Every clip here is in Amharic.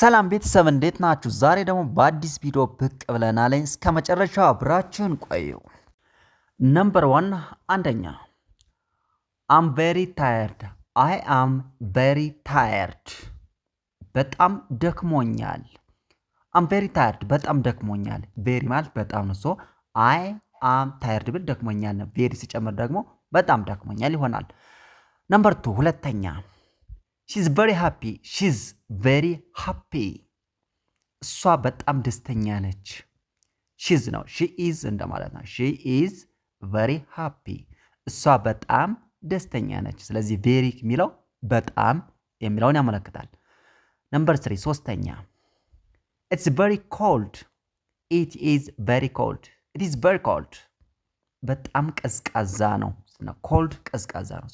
ሰላም ቤተሰብ እንዴት ናችሁ? ዛሬ ደግሞ በአዲስ ቪዲዮ ብቅ ብለናለኝ። እስከ መጨረሻው አብራችሁን ቆዩ። ነምበር ዋን አንደኛ፣ አም ቬሪ ታየርድ አይ አም ቬሪ ታየርድ፣ በጣም ደክሞኛል። አም ቬሪ ታየርድ፣ በጣም ደክሞኛል። ቬሪ ማለት በጣም ነው። ሶ አይ አም ታየርድ ብል ደክሞኛል ነው። ቬሪ ሲጨምር ደግሞ በጣም ደክሞኛል ይሆናል። ነምበር ቱ ሁለተኛ ሺዝ ቨሪ ሃፒ ሺዝ ቨሪ ሃፒ እሷ በጣም ደስተኛ ነች። ሺዝ ነው ሺ ኢዝ እንደማለት ነው። ሺ ኢዝ ቨሪ ሃፒ እሷ በጣም ደስተኛ ነች። ስለዚህ ቬሪ የሚለው በጣም የሚለውን ያመለክታል። ነምበር ስሪ ሶስተኛ ኢትስ ቨሪ ኮልድ ኢት ኢዝ ቨሪ ኮልድ ኢት ኢዝ ቨሪ ኮልድ በጣም ቀዝቃዛ ነው። ኮልድ ቀዝቃዛ ነው።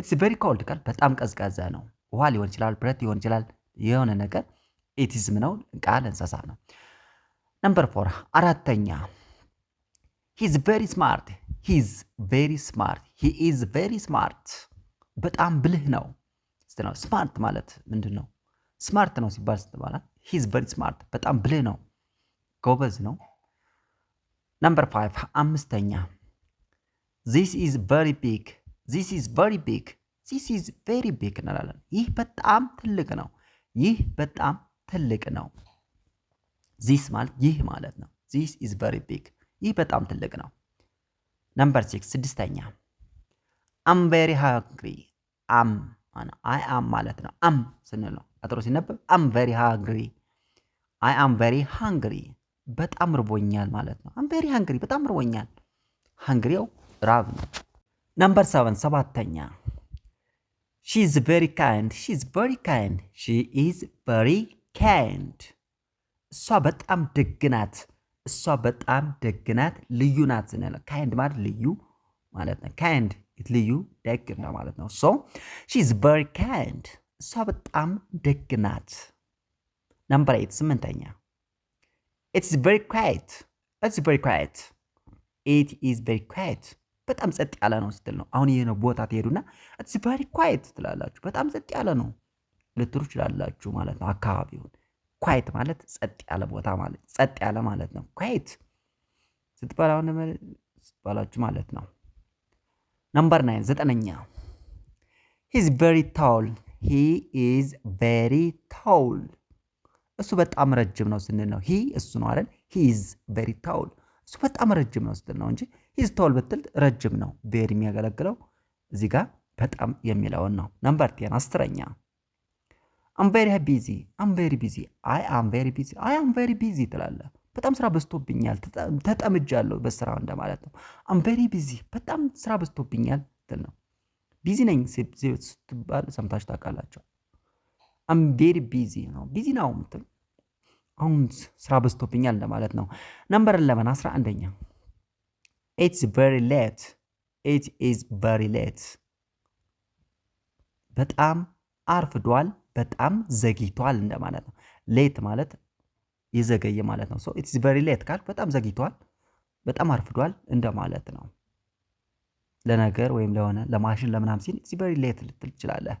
ኢትስ ቨሪ ኮልድ ቃል በጣም ቀዝቃዛ ነው። ውሃ ሊሆን ይችላል፣ ብረት ሊሆን ይችላል፣ የሆነ ነገር ኢቲዝም ነው፣ ቃል እንስሳ ነው። ነምበር ፎር አራተኛ ሂዝ ቨሪ ስማርት ሂዝ ቬሪ ስማርት ሂ ኢዝ ቬሪ ስማርት በጣም ብልህ ነው። ስማርት ማለት ምንድን ነው? ስማርት ነው ሲባል ስትባላ ሂዝ ቨሪ ስማርት በጣም ብልህ ነው፣ ጎበዝ ነው። ነምበር ፋይቭ አምስተኛ ዚስ ኢዝ ቨሪ ቢግ ዚስ ኢዝ ቬሪ ቢግ ዚስ ኢዝ ቬሪ ቢግ እንላለን። ይህ በጣም ትልቅ ነው። ይህ በጣም ትልቅ ነው። ዚስ ማለት ይህ ማለት ነው። ዚስ ኢዝ ቬሪ ቢግ፣ ይህ በጣም ትልቅ ነው። ነምበር ሲክስ ስድስተኛ አም ቬሪ ሃንግሪ። አም አይ አም ማለት ነው። አም ስንል ነው አጥሮ ሲነበብ አም ቬሪ ሃንግሪ። አይ አም ቬሪ ሃንግሪ፣ በጣም ርቦኛል ማለት ነው። አም ቬሪ ሃንግሪ፣ በጣም ርቦኛል። ሃንግሪው ራብ ነው። ነምበር ሰቨን ሰባተኛ She is very kind. She is very kind. She is very kind. እሷ በጣም ደግ ናት። እሷ በጣም ደግ ናት፣ ልዩ ናት ስንል ካይንድ ማለት ልዩ ማለት ነው። ካይንድ ልዩ ደግ ነው ማለት ነው። ሶ ሺ ኢዝ ቨሪ ካይንድ። እሷ በጣም ደግ ናት። ነምበር ኤት ስምንተኛ ኢትስ ቨሪ ኳይት። ኢትስ ቨሪ ኳይት። ኢት ኢዝ ቨሪ ኳይት በጣም ጸጥ ያለ ነው ስትል ነው። አሁን የሆነ ነው ቦታ ትሄዱና ኢትስ ቬሪ ኳይት ትላላችሁ። በጣም ጸጥ ያለ ነው ልትሉ ትችላላችሁ ማለት ነው። አካባቢውን ኳይት ማለት ጸጥ ያለ ቦታ ማለት ጸጥ ያለ ማለት ነው። ኳይት ስትባል አሁን ስትባላችሁ ማለት ነው። ነምበር ናይን ዘጠነኛ ሂዝ ቬሪ ታውል ሂ ኢዝ ቬሪ ታውል እሱ በጣም ረጅም ነው ስንል ነው። ሂ እሱ ነው አይደል? ሂ ኢዝ ቬሪ ታውል እሱ በጣም ረጅም ነው ስትል ነው እንጂ ሂዝ ቶል ብትል ረጅም ነው። ቬሪ የሚያገለግለው እዚህ ጋር በጣም የሚለውን ነው። ነምበር ቴን አስረኛ አም ቬሪ ቢዚ አም ቬሪ ቢዚ አይ አም ቬሪ ቢዚ አይ አም ቬሪ ቢዚ ትላለህ። በጣም ስራ በዝቶብኛል ተጠምጃለሁ በስራ እንደማለት ነው። አም ቬሪ ቢዚ በጣም ስራ በዝቶብኛል ትል ነው። ቢዚ ነኝ ስትባል ሰምታችሁ ታውቃላችሁ። አም ቬሪ ቢዚ ነው ቢዚ ነው ምትል አሁን ስራ በዝቶብኛል ለማለት ነው። ነምበር ለመን አስራ አንደኛ ኢትስ ቨሪ ሌት ኢት ኢዝ ቨሪ ሌት በጣም አርፍዷል፣ በጣም ዘግይቷል እንደማለት ነው። ሌት ማለት የዘገየ ማለት ነው። ኢትስ ቨሪ ሌት ካል በጣም ዘግይቷል፣ በጣም አርፍዷል እንደማለት ነው። ለነገር ወይም ለሆነ ለማሽን ለምናም ሲል ኢትስ ቨሪ ሌት ልትል ትችላለህ።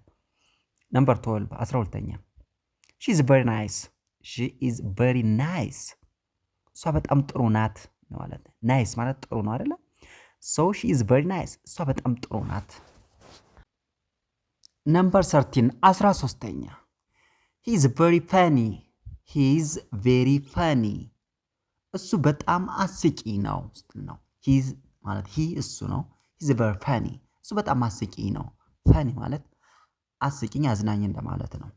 ነምበር 12 አስራ ሁለተኛ ሺ ኢዝ ቨሪ ናይስ ሺ ኢዝ ቨሪ ናይስ እሷ በጣም ጥሩ ናት ማለት ናይስ ማለት ጥሩ ነው አይደለ? ሶ ሺ ኢዝ ቨሪ ናይስ እሷ በጣም ጥሩ ናት። ነምበር ሰርቲን አስራ ሶስተኛ ሂ ኢዝ ቨሪ ፈኒ ሂ ኢዝ ቬሪ ፈኒ እሱ በጣም አስቂ ነው ስትል ነው ማለት ሂ እሱ ነው። ሂ ኢዝ ቨሪ ፈኒ እሱ በጣም አስቂ ነው። ፈኒ ማለት አስቂኝ አዝናኝ እንደማለት ነው።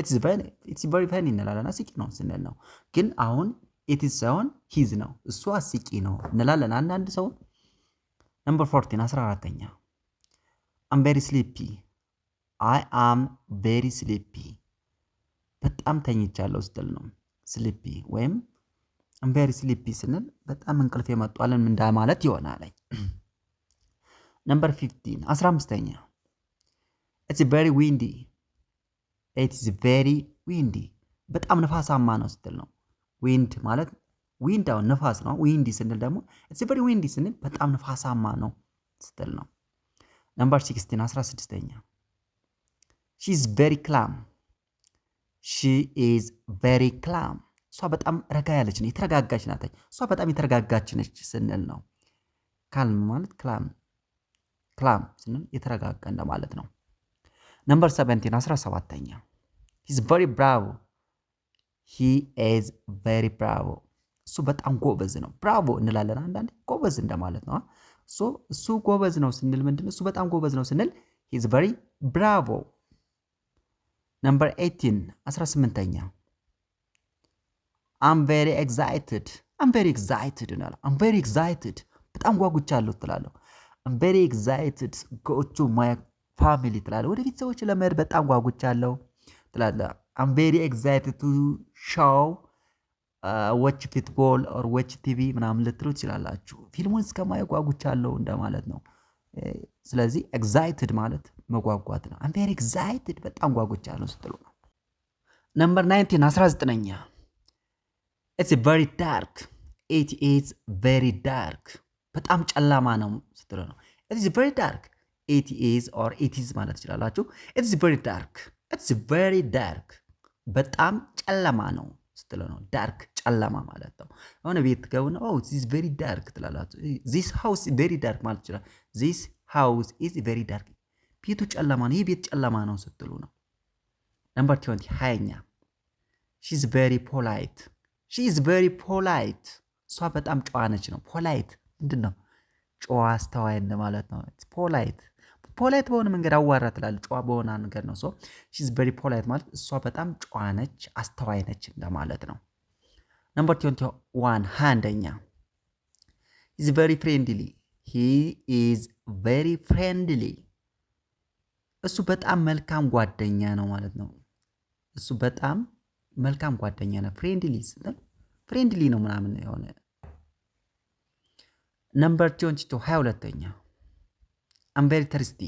ኢትስ ቨሪ ፈኒ እንላለን አስቂ ነው ስንል ነው። ግን አሁን ኢትስ ሳይሆን ሂዝ ነው እሱ አስቂ ነው እንላለን። አንዳንድ ሰው ነምበር ፎርቲን አስራ አራተኛ አም ቬሪ ስሊፒ አይ አም ቬሪ ስሊፒ በጣም ተኝቻለሁ ስትል ነው ስሊፒ ወይም አም ቬሪ ስሊፒ ስንል በጣም እንቅልፍ የመጧልን ምንዳ ማለት ይሆናል። ነምበር ፊፍቲን አስራ አምስተኛ ኢትስ ቬሪ ዊንዲ ኢትስ ቬሪ ዊንዲ በጣም ነፋሳማ ነው ስትል ነው። ዊንድ ማለት ዊንድ አሁን ንፋስ ነው። ዊንዲ ስንል ደግሞ ኢትስ ቬሪ ዊንዲ ስንል በጣም ንፋሳማ ነው ስትል ነው። ነምበር ሲክስቲን አስራ ስድስተኛ ሺ ኢዝ ቬሪ ክላም ሺ ኢዝ ቬሪ ክላም እሷ በጣም ረጋ ያለች ነው የተረጋጋች ናት። እሷ በጣም የተረጋጋች ነች ስንል ነው። ካልም ማለት ክላም ክላም ስንል የተረጋጋ እንደማለት ነው። ነምበር 17 17ኛ ሂዝ ቨሪ ብራቮ ሂ ኢዝ ቨሪ ብራቮ እሱ በጣም ጎበዝ ነው። ብራቮ እንላለን አንዳንዴ ጎበዝ እንደማለት ነው። እሱ ጎበዝ ነው ስንል ምንድን ነው? እሱ በጣም ጎበዝ ነው ስንል ሂዝ ቨሪ ብራቮ። ነምበር 18 18ኛ አም ቬሪ ኤግዛይትድ አም ቬሪ ኤግዛይትድ እንላለን። አም ቬሪ ኤግዛይትድ በጣም ጓጉቻለሁ ትላለሁ። አም ቬሪ ኤግዛይትድ ጎ ቱ ማይ ፋሚሊ ትላለ ወደ ቤተሰቦች ለመሄድ በጣም ጓጉቻለሁ ትላለ አም ቬሪ ኤግዛይትድ ቱ ሾው ወች ፊትቦል ኦር ወች ቲቪ ምናምን ልትሉ ትችላላችሁ። ፊልሙን እስከማየው ጓጉቻለሁ እንደማለት ነው። ስለዚህ ኤግዛይትድ ማለት መጓጓት ነው። አም ቬሪ ኤግዛይትድ በጣም ጓጉቻለሁ ስትሉ ነው። ነምበር ናይንቲን 19ኛ ኢትስ ቬሪ ዳርክ ኢት ኢዝ ቬሪ ዳርክ በጣም ጨለማ ነው ስትሉ ነው። ኢትስ ቬሪ ዳርክ ኤቲኤዝ ኦር ኤቲዝ ማለት ትችላላችሁ። ኢትስ ቨሪ ዳርክ ኢትስ ቨሪ ዳርክ በጣም ጨለማ ነው ስትለ ነው። ዳርክ ጨለማ ማለት ነው። የሆነ ቤት ትገቡና ኦ ዚስ ቨሪ ዳርክ ትላላችሁ። ዚስ ሃውስ ቨሪ ዳርክ ማለት ይችላል። ዚስ ሃውስ ኢዝ ቨሪ ዳርክ ቤቱ ጨለማ ነው፣ ይህ ቤት ጨለማ ነው ስትሉ ነው። ነምበር ትዌንቲ ሀያኛ ሺዝ ቨሪ ፖላይት ሺዝ ቨሪ ፖላይት እሷ በጣም ጨዋነች ነው። ፖላይት ምንድን ነው? ጨዋ አስተዋይ ማለት ነው። ፖላይት ፖላይት በሆነ መንገድ አዋራ ትላለች። ጨዋ በሆነ ነገር ነው። ሶ ሺዝ ቬሪ ፖላይት ማለት እሷ በጣም ጨዋ ነች፣ አስተዋይ ነች እንደማለት ነው። ነምበር ትዌንቲ ዋን አንደኛ ኢዝ ቬሪ ፍሬንድሊ ሂ ኢዝ ቨሪ ፍሬንድሊ እሱ በጣም መልካም ጓደኛ ነው ማለት ነው። እሱ በጣም መልካም ጓደኛ ነው። ፍሬንድሊ ስንል ፍሬንድሊ ነው ምናምን የሆነ ነምበር ትዌንቲ ቱ ሀያ ሁለተኛ አም ቬሪ ተርስቲ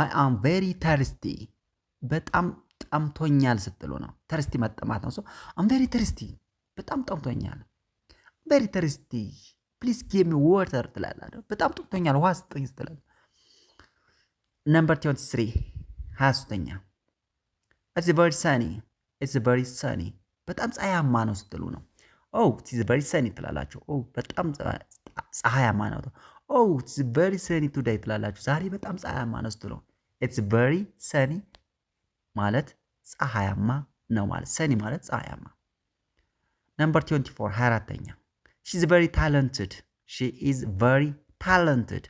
አይ አም ቬሪ ተርስቲ በጣም ጠምቶኛል ስትሉ ነው። ተርስቲ መጠማት ነው። አም ቬሪ ተርስቲ በጣም ጠምቶኛል። ቬሪ ተርስቲ ፕሊስ ጌቭ ሚ ዋተር ትላላለ። በጣም ጠምቶኛል ውሃ ስጠኝ ስትላል። ነምበር ትዌንቲ ስሪ ሀያ ሶስተኛ ኢትስ ቨሪ ሰኒ ኢትስ ቨሪ ሰኒ በጣም ፀሐያማ ነው ስትሉ ነው። ኦ ኢትስ ቨሪ ሰኒ ትላላቸው። ኦ በጣም ፀሐያማ ነው ኦ ኢትስ ሰኒ ቱዳይ ትላላችሁ። ዛሬ በጣም ፀሐያማ ነው ስትሉ ኢትስ ቬሪ ሰኒ ማለት ፀሐያማ ነው ማለት ሰኒ ማለት ፀሐያማ። ነምበር 24 24ኛ ሺዝ ኢዝ ታለንትድ ሺ ኢዝ ቬሪ ታለንትድ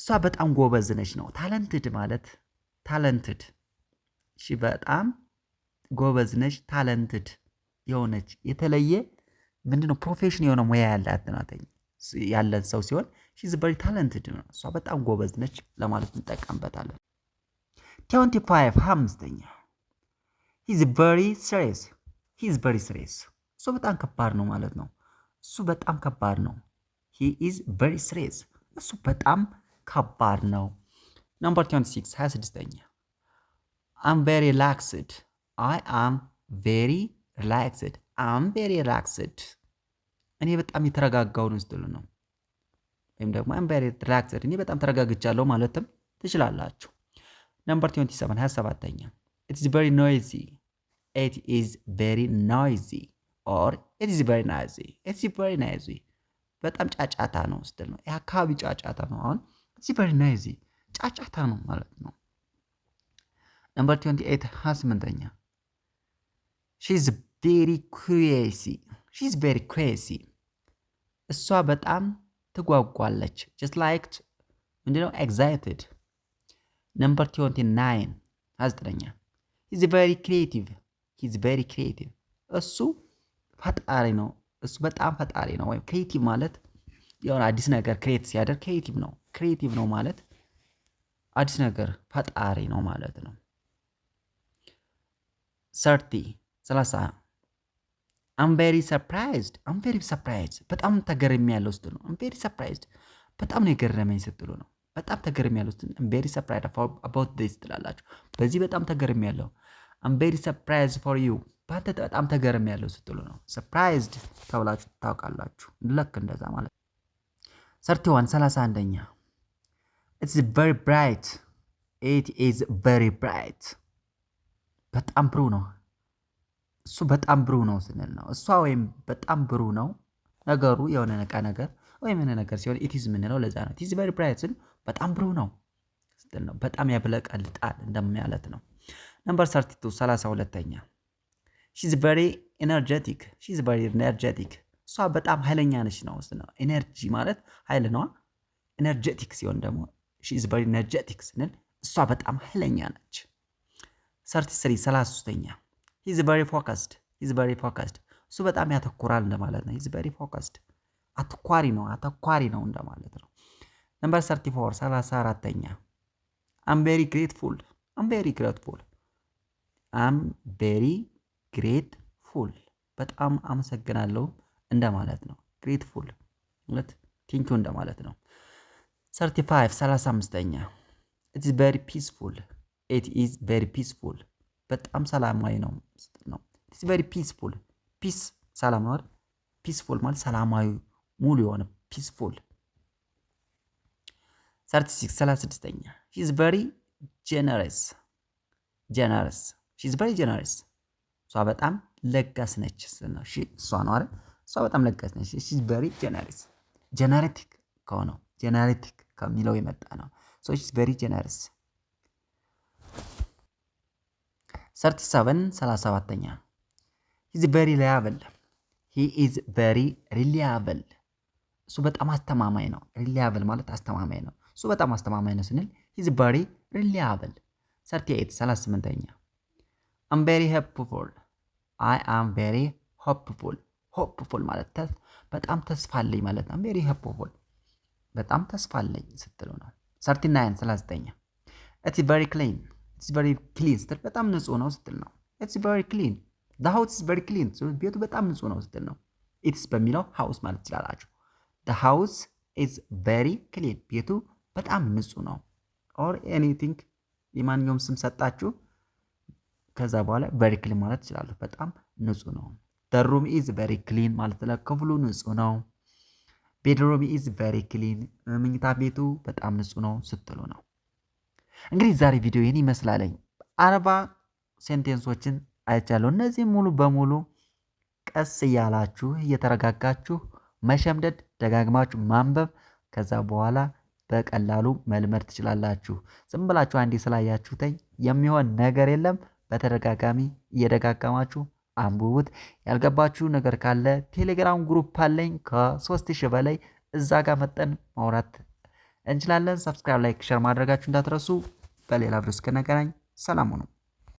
እሷ በጣም ጎበዝ ነች ነው። ታለንትድ ማለት ታለንትድ ሺ በጣም ጎበዝ ነች ታለንትድ የሆነች የተለየ ምንድነው ፕሮፌሽን የሆነ ሙያ ያላት ናተኝ ያለን ሰው ሲሆን ሺዝ ቨሪ ታለንትድ ነው። እሷ በጣም ጎበዝ ነች ለማለት እንጠቀምበታለን። ትዌንቲ ፋይቭ አምስተኛ ሂዝ ቨሪ ስሬስ ሂዝ ቨሪ ስሬስ እሱ በጣም ከባድ ነው ማለት ነው። እሱ በጣም ከባድ ነው። ሂ ኢዝ ቨሪ ስሬስ እሱ በጣም ከባድ ነው። ነምበር ትዌንቲ ሲክስ ሀያ ስድስተኛ አም ቬሪ ሪላክስድ አይ አም ቬሪ ሪላክስድ አም ቬሪ ሪላክስድ እኔ በጣም የተረጋጋውን ስትሉ ነው። ወይም ደግሞ አም ቬሪ ሪላክስድ እኔ በጣም ተረጋግቻለሁ ማለትም ትችላላችሁ። ነምበር 27 27ኛ ኢትስ ቬሪ ኖይዚ ኢት ኢዝ ቬሪ ኖይዚ ኦር ኢትስ ቬሪ ናይዚ ኢትስ ቬሪ ናይዚ በጣም ጫጫታ ነው ስትል ነው። የአካባቢ ጫጫታ ነው። አሁን ኢትስ ቬሪ ናይዚ ጫጫታ ነው ማለት ነው። ነምበር 28 28ኛ ሺ ኢዝ ቬሪ ኩሬሲ ሺ ኢዝ ቬሪ ኩሬሲ እሷ በጣም ትጓጓለች። ጀስት ላይክ ምንድነው ኤግዛይትድ። ነምበር ትዌንቲ ናይን ሃያ ዘጠነኛ ሂዝ ቬሪ ክሪኤቲቭ ሂዝ ቬሪ ክሪኤቲቭ። እሱ ፈጣሪ ነው። እሱ በጣም ፈጣሪ ነው። ወይም ክሪኤቲቭ ማለት የሆነ አዲስ ነገር ክሬት ሲያደርግ ክሪኤቲቭ ነው። ክሪኤቲቭ ነው ማለት አዲስ ነገር ፈጣሪ ነው ማለት ነው። ሰርቲ ሰላሳ አም ቬሪ ሰርፕራይዝድ አም ቬሪ ሰርፕራይዝድ በጣም ተገርሚ ያለው ስትል ነው። አም ቬሪ ሰርፕራይዝድ በጣም ነው የገረመኝ ስትሉ ነው። በጣም ተገርሚ ያለው ስትል አም ቬሪ ሰርፕራይዝድ አባውት ዲስ ትላላችሁ። በዚህ በጣም ተገርሚ ያለው አም ቬሪ ሰርፕራይዝድ ፎር ዩ በአንተ በጣም ተገርሚ ያለው ስትሉ ነው። ሰርፕራይዝድ ተብላችሁ ታውቃላችሁ። ልክ እንደዛ ማለት ነው። ሰርቲዋን ሰላሳ አንደኛ ኢትስ ቬሪ ብራይት ኢት ኢዝ ቬሪ ብራይት በጣም ብሩ ነው እሱ በጣም ብሩህ ነው ስንል ነው። እሷ ወይም በጣም ብሩህ ነው ነገሩ የሆነ ነቃ ነገር ወይም የሆነ ነገር ሲሆን ኢቲዝ የምንለው ለዛ ነው። ኢቲዝ ቨሪ ብራይት ስል በጣም ብሩህ ነው ስትል ነው። በጣም ያብለቀልጣል እንደሚያለት ነው። ነምበር ሰርቲቱ ሰላሳ ሁለተኛ ሺዝ ቨሪ ኤነርጀቲክ ሺዝ ቨሪ ኤነርጀቲክ እሷ በጣም ኃይለኛ ነች ነው ስ ነው። ኤነርጂ ማለት ኃይል ነዋ። ኤነርጀቲክ ሲሆን ደግሞ ሺዝ ቨሪ ኤነርጀቲክ ስንል እሷ በጣም ኃይለኛ ነች። ሰርቲ ስሪ ሰላሳ ሶስተኛ ሂዝ ቨሪ ፎከስድ ሂዝ ቨሪ ፎከስድ እሱ በጣም ያተኩራል እንደማለት ነው። ሂዝ ቨሪ ፎከስድ አትኳሪ ነው አተኳሪ ነው እንደማለት ነው። ነምበር ሰርቲ ፎር ሰላሳ አራተኛ አም ቬሪ ግሬትፉል አም ቬሪ ግሬትፉል አም ቬሪ ግሬትፉል በጣም አመሰግናለሁ እንደማለት ነው። ግሬትፉል ማለት ቴንኪው እንደማለት ነው። ሰርቲ ፋይቭ ሰላሳ አምስተኛ ኢት ኢዝ ቬሪ ፒስፉል ኢት ኢዝ ቬሪ ፒስፉል በጣም ሰላማዊ ነው ነው ኢትስ ቨሪ ፒስፉል ፒስ ሰላም ነው አይደል ፒስፉል ማለት ሰላማዊ ሙሉ የሆነ ፒስፉል 36 36ኛ ሺ ኢዝ ቨሪ ጀነረስ ጀነረስ ሺዝ ቨሪ ጀነረስ እሷ በጣም ለጋስ ነች ነው ሺ እሷ ነው አይደል እሷ በጣም ለጋስ ነች ሺዝ ቨሪ ጀነረስ ጀነሬቲክ ከሆነው ጀነሬቲክ ከሚለው የመጣ ነው ሶ ሺዝ ቨሪ ጀነረስ ሰርቲ ሰቨን ኛ ሰባተኛ ኢዝ ቨሪ ሪላያብል ሂ ኢዝ ቨሪ ሪላያብል እሱ በጣም አስተማማኝ ነው። ሪላያብል ማለት አስተማማኝ ነው። እሱ በጣም አስተማማኝ ነው ስንል ኢዝ ቨሪ ሪላያብል። ሰርቲ ኤይት ሰላሳ አም ቨሪ ሆፕፉል አይ አም ቨሪ ሆፕፉል። ሆፕፉል ማለት በጣም ተስፋ አለኝ ማለት ነው። ቬሪ ሆፕፉል በጣም ተስፋ አለኝ ስትሉ ነው። ሰርቲ ናይን ሰላሳ ኢትስ ቨሪ ክሊን ኢትስ ቨሪ ክሊን ስትል በጣም ንጹህ ነው ስትል ነው። ኢትስ ቨሪ ክሊን ዘ ሃውስ ኢዝ ቨሪ ክሊን ቤቱ በጣም ንጹህ ነው ስትል ነው። ኢትስ በሚለው ሃውስ ማለት ትችላላችሁ። ዘ ሃውስ ኢዝ ቨሪ ክሊን ቤቱ በጣም ንጹህ ነው። ኦር ኤኒቲንግ የማንኛውም ስም ሰጣችሁ ከዛ በኋላ ቨሪ ክሊን ማለት ትችላለሁ። በጣም ንጹህ ነው። ዘ ሩም ኢዝ ቨሪ ክሊን ማለት ክፍሉ ንጹህ ነው። ቤድሮም ኢዝ ቨሪ ክሊን መኝታ ቤቱ በጣም ንጹህ ነው ስትሉ ነው። እንግዲህ ዛሬ ቪዲዮ ይህን ይመስላለኝ። አርባ ሴንቴንሶችን አይቻለሁ። እነዚህ ሙሉ በሙሉ ቀስ እያላችሁ እየተረጋጋችሁ መሸምደድ፣ ደጋግማችሁ ማንበብ፣ ከዛ በኋላ በቀላሉ መልመድ ትችላላችሁ። ዝም ብላችሁ አንዴ ስላያችሁተኝ የሚሆን ነገር የለም። በተደጋጋሚ እየደጋገማችሁ አንብቡት። ያልገባችሁ ነገር ካለ ቴሌግራም ግሩፕ አለኝ ከሶስት ሺህ በላይ እዛ ጋር መጠን ማውራት እንችላለን። ሰብስክራይብ፣ ላይክ፣ ሸር ማድረጋችሁ እንዳትረሱ። በሌላ ቪዲዮ እስክንገናኝ ሰላም ነው።